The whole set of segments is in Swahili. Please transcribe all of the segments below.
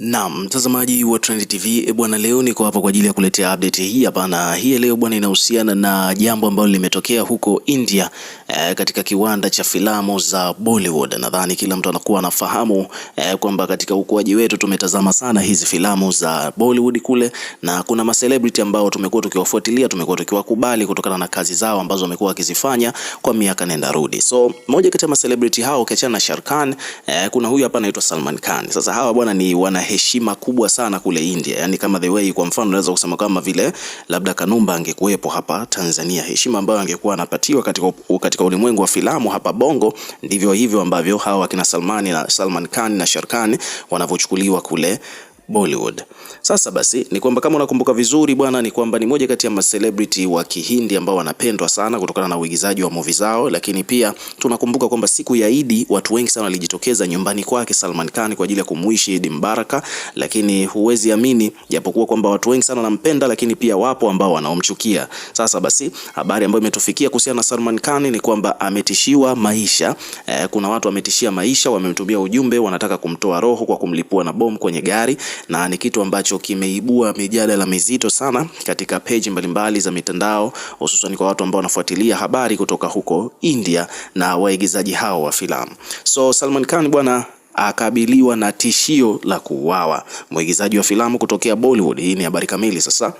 Naam, mtazamaji wa Trend TV, e eh, bwana, leo niko hapa kwa ajili ya kuletea update hii hapa, na hii leo bwana inahusiana na jambo ambalo limetokea huko India e, katika kiwanda cha filamu za Bollywood. Nadhani kila mtu anakuwa anafahamu e, kwamba katika ukuaji wetu tumetazama sana hizi filamu za Bollywood kule, na kuna ma ambao tumekuwa tukiwafuatilia, tumekuwa tukiwakubali kutokana na kazi zao ambazo wamekuwa wakizifanya kwa miaka nenda rudi. So moja kati ya ma hao ukiachana na Shahrukh Khan e, kuna huyu hapa anaitwa Salman Khan. Sasa hawa bwana ni wana heshima kubwa sana kule India, yani kama the way, kwa mfano unaweza kusema kama vile labda Kanumba angekuwepo hapa Tanzania, heshima ambayo angekuwa anapatiwa katika, katika ulimwengu wa filamu hapa Bongo, ndivyo hivyo ambavyo hawa kina Salmani na Salman Khan na sharkani wanavyochukuliwa kule Bollywood. Sasa basi ni kwamba kama unakumbuka vizuri bwana, ni kwamba ni moja kati ya macelebrity wa Kihindi ambao wanapendwa sana kutokana na uigizaji wa movie zao, lakini pia tunakumbuka kwamba siku ya Idi watu wengi sana walijitokeza nyumbani kwake Salman Khan kwa ajili ya kumwishi Idi Mbaraka, lakini huwezi amini, japokuwa kwamba watu wengi sana wanampenda, lakini pia wapo ambao wanaomchukia. Sasa basi habari ambayo imetufikia kuhusiana na Salman Khan ni kwamba ametishiwa maisha. Eh, kuna watu wametishia maisha, wamemtumia ujumbe, wanataka kumtoa roho kwa kumlipua na bomu kwenye gari na ni kitu ambacho kimeibua mijadala mizito sana katika peji mbalimbali za mitandao, hususan kwa watu ambao wanafuatilia habari kutoka huko India na waigizaji hao wa filamu. So Salman Khan bwana akabiliwa na tishio la kuuawa, mwigizaji wa filamu kutokea Bollywood. Hii ni habari kamili sasa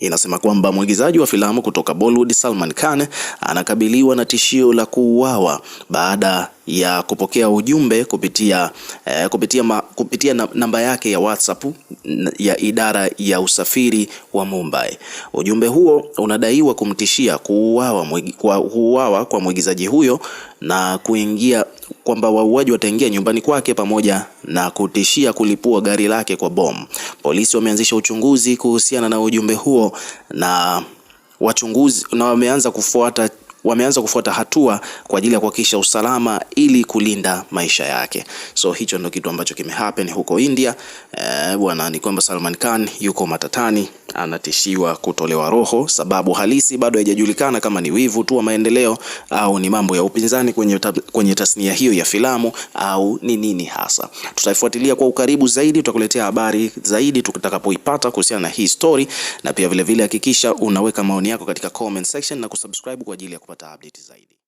inasema kwamba mwigizaji wa filamu kutoka Bollywood Salman Khan anakabiliwa na tishio la kuuawa baada ya kupokea ujumbe kupitia, eh, kupitia, ma, kupitia namba yake ya WhatsApp ya idara ya usafiri wa Mumbai. Ujumbe huo unadaiwa kumtishia kuuawa kwa mwigizaji huyo na kuingia kwamba wauaji wataingia nyumbani kwake pamoja na kutishia kulipua gari lake kwa bomu. Polisi wameanzisha uchunguzi kuhusiana na ujumbe huo na wachunguzi na wameanza kufuata wameanza kufuata hatua kwa ajili ya kuhakikisha usalama ili kulinda maisha yake. So hicho ndio kitu ambacho kimehappen huko India. Eh, bwana ni kwamba Salman Khan yuko matatani, anatishiwa kutolewa roho. Sababu halisi bado haijajulikana kama ni wivu tu wa maendeleo au ni mambo ya upinzani kwenye, ta, kwenye tasnia hiyo ya filamu au ni nini hasa. Tutaifuatilia kwa ukaribu zaidi, tutakuletea habari zaidi tutakapoipata kuhusiana na hii story, na pia vilevile hakikisha vile unaweka maoni yako katika comment section na kusubscribe kwa ajili ya kupata kupata update zaidi.